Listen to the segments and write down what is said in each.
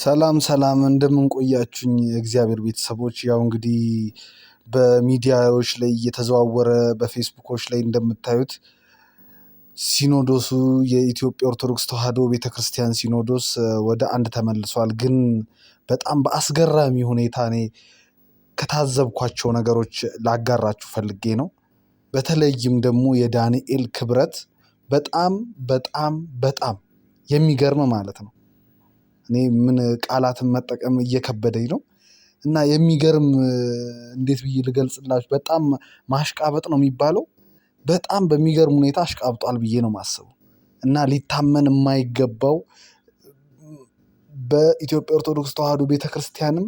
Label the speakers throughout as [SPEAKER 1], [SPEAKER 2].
[SPEAKER 1] ሰላም ሰላም እንደምንቆያችሁኝ እግዚአብሔር ቤተሰቦች ያው እንግዲህ በሚዲያዎች ላይ እየተዘዋወረ በፌስቡኮች ላይ እንደምታዩት ሲኖዶሱ የኢትዮጵያ ኦርቶዶክስ ተዋሕዶ ቤተክርስቲያን ሲኖዶስ ወደ አንድ ተመልሷል። ግን በጣም በአስገራሚ ሁኔታ እኔ ከታዘብኳቸው ነገሮች ላጋራችሁ ፈልጌ ነው። በተለይም ደግሞ የዳንኤል ክብረት በጣም በጣም በጣም የሚገርም ማለት ነው። እኔ ምን ቃላትን መጠቀም እየከበደኝ ነው። እና የሚገርም እንዴት ብዬ ልገልጽላችሁ በጣም ማሽቃበጥ ነው የሚባለው በጣም በሚገርም ሁኔታ አሽቃብጧል ብዬ ነው የማስበው። እና ሊታመን የማይገባው በኢትዮጵያ ኦርቶዶክስ ተዋህዶ ቤተክርስቲያንም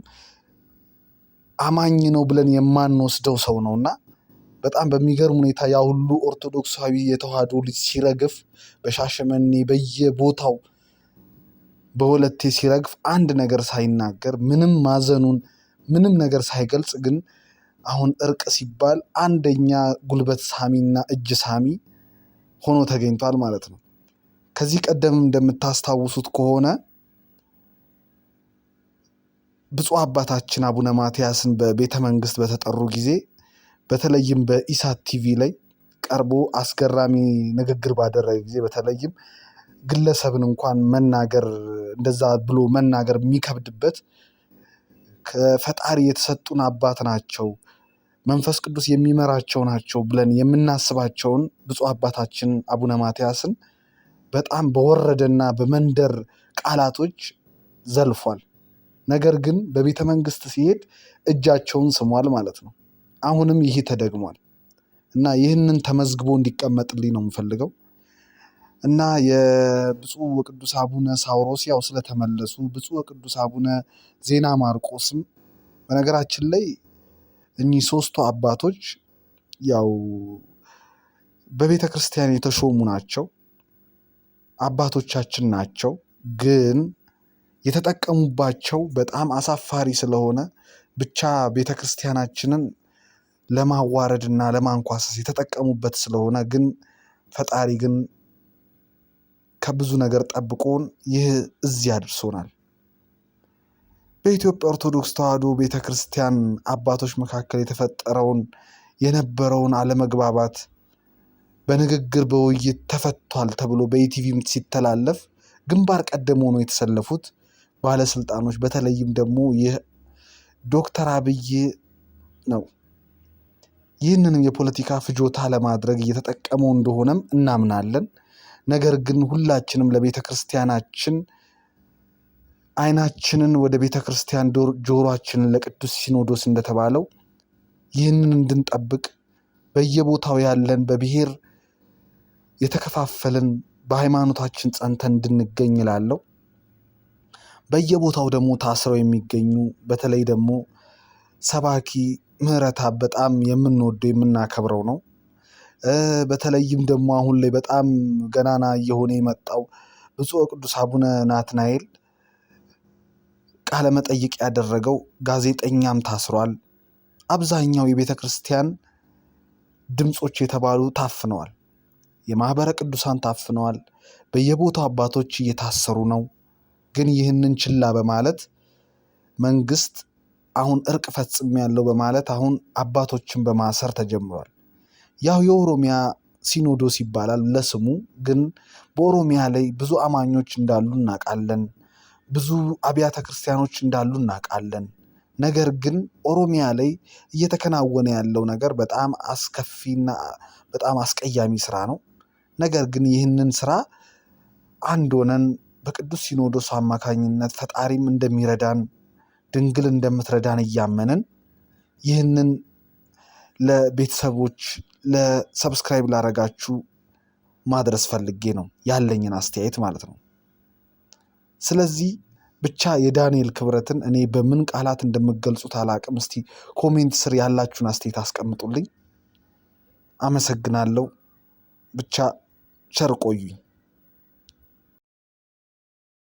[SPEAKER 1] አማኝ ነው ብለን የማንወስደው ሰው ነው። እና በጣም በሚገርም ሁኔታ ያ ሁሉ ኦርቶዶክሳዊ የተዋህዶ ልጅ ሲረግፍ በሻሸመኔ በየቦታው በሁለቴ ሲረግፍ አንድ ነገር ሳይናገር ምንም ማዘኑን ምንም ነገር ሳይገልጽ ግን አሁን እርቅ ሲባል አንደኛ ጉልበት ሳሚና እጅ ሳሚ ሆኖ ተገኝቷል ማለት ነው። ከዚህ ቀደም እንደምታስታውሱት ከሆነ ብፁዕ አባታችን አቡነ ማትያስን በቤተ መንግስት በተጠሩ ጊዜ በተለይም በኢሳት ቲቪ ላይ ቀርቦ አስገራሚ ንግግር ባደረገ ጊዜ በተለይም ግለሰብን እንኳን መናገር እንደዛ ብሎ መናገር የሚከብድበት ከፈጣሪ የተሰጡን አባት ናቸው፣ መንፈስ ቅዱስ የሚመራቸው ናቸው ብለን የምናስባቸውን ብፁዕ አባታችን አቡነ ማትያስን በጣም በወረደና በመንደር ቃላቶች ዘልፏል። ነገር ግን በቤተ መንግስት ሲሄድ እጃቸውን ስሟል ማለት ነው። አሁንም ይሄ ተደግሟል እና ይህንን ተመዝግቦ እንዲቀመጥልኝ ነው የምፈልገው። እና የብፁዕ ወቅዱስ አቡነ ሳውሮስ ያው ስለተመለሱ ብፁዕ ወቅዱስ አቡነ ዜና ማርቆስም በነገራችን ላይ እኚህ ሶስቱ አባቶች ያው በቤተ ክርስቲያን የተሾሙ ናቸው፣ አባቶቻችን ናቸው። ግን የተጠቀሙባቸው በጣም አሳፋሪ ስለሆነ ብቻ ቤተ ክርስቲያናችንን ለማዋረድ እና ለማንኳሰስ የተጠቀሙበት ስለሆነ ግን ፈጣሪ ግን ከብዙ ነገር ጠብቆን ይህ እዚህ አድርሶናል። በኢትዮጵያ ኦርቶዶክስ ተዋሕዶ ቤተ ክርስቲያን አባቶች መካከል የተፈጠረውን የነበረውን አለመግባባት በንግግር በውይይት ተፈቷል ተብሎ በኢቲቪም ሲተላለፍ ግንባር ቀደም ሆኖ የተሰለፉት ባለስልጣኖች በተለይም ደግሞ ይህ ዶክተር አብይ ነው። ይህንንም የፖለቲካ ፍጆታ ለማድረግ እየተጠቀመው እንደሆነም እናምናለን። ነገር ግን ሁላችንም ለቤተ ክርስቲያናችን አይናችንን ወደ ቤተ ክርስቲያን ጆሮአችንን ለቅዱስ ሲኖዶስ እንደተባለው ይህንን እንድንጠብቅ በየቦታው ያለን በብሔር የተከፋፈልን በሃይማኖታችን ጸንተን እንድንገኝ ላለው በየቦታው ደግሞ ታስረው የሚገኙ በተለይ ደግሞ ሰባኪ ምህረታ በጣም የምንወደው የምናከብረው ነው። በተለይም ደግሞ አሁን ላይ በጣም ገናና እየሆነ የመጣው ብፁዕ ወቅዱስ አቡነ ናትናኤል ቃለ መጠይቅ ያደረገው ጋዜጠኛም ታስሯል። አብዛኛው የቤተ ክርስቲያን ድምፆች የተባሉ ታፍነዋል። የማህበረ ቅዱሳን ታፍነዋል። በየቦታው አባቶች እየታሰሩ ነው። ግን ይህንን ችላ በማለት መንግስት አሁን እርቅ ያለው በማለት አሁን አባቶችን በማሰር ተጀምሯል። ያው የኦሮሚያ ሲኖዶስ ይባላል ለስሙ ግን በኦሮሚያ ላይ ብዙ አማኞች እንዳሉ እናውቃለን። ብዙ አብያተ ክርስቲያኖች እንዳሉ እናውቃለን። ነገር ግን ኦሮሚያ ላይ እየተከናወነ ያለው ነገር በጣም አስከፊና በጣም አስቀያሚ ስራ ነው። ነገር ግን ይህንን ስራ አንድ ሆነን በቅዱስ ሲኖዶስ አማካኝነት ፈጣሪም እንደሚረዳን ድንግል እንደምትረዳን እያመንን ይህንን ለቤተሰቦች ለሰብስክራይብ ላረጋችሁ ማድረስ ፈልጌ ነው ያለኝን አስተያየት ማለት ነው። ስለዚህ ብቻ የዳንኤል ክብረትን እኔ በምን ቃላት እንደምገልጹት አላቅም። እስቲ ኮሜንት ስር ያላችሁን አስተያየት አስቀምጡልኝ። አመሰግናለሁ። ብቻ ቸር ቆዩኝ።